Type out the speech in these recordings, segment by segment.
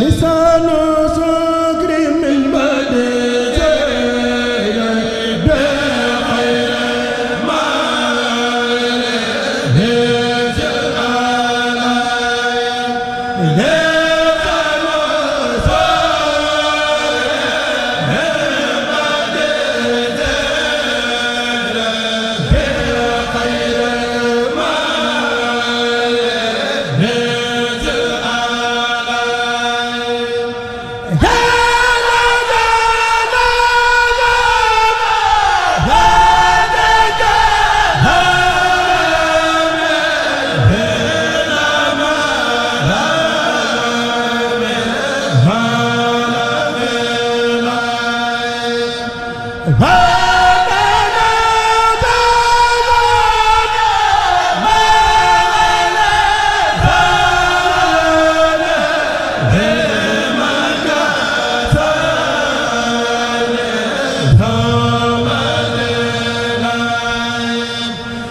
lisaanu Yeah.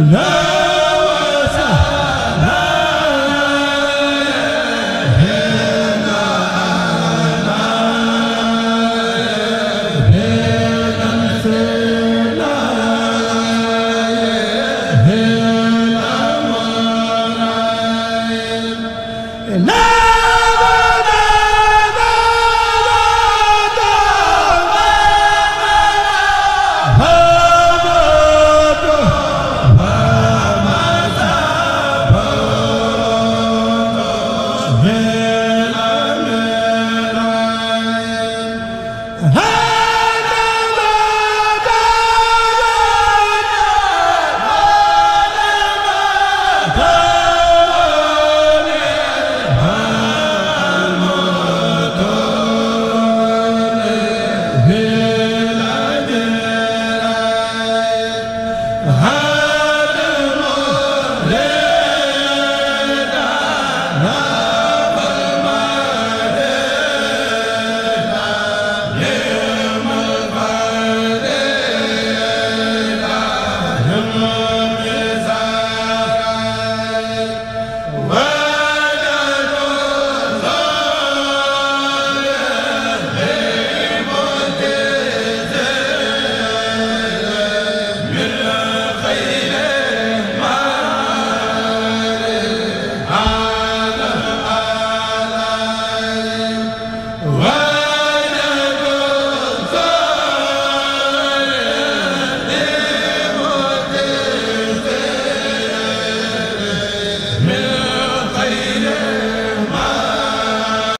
love.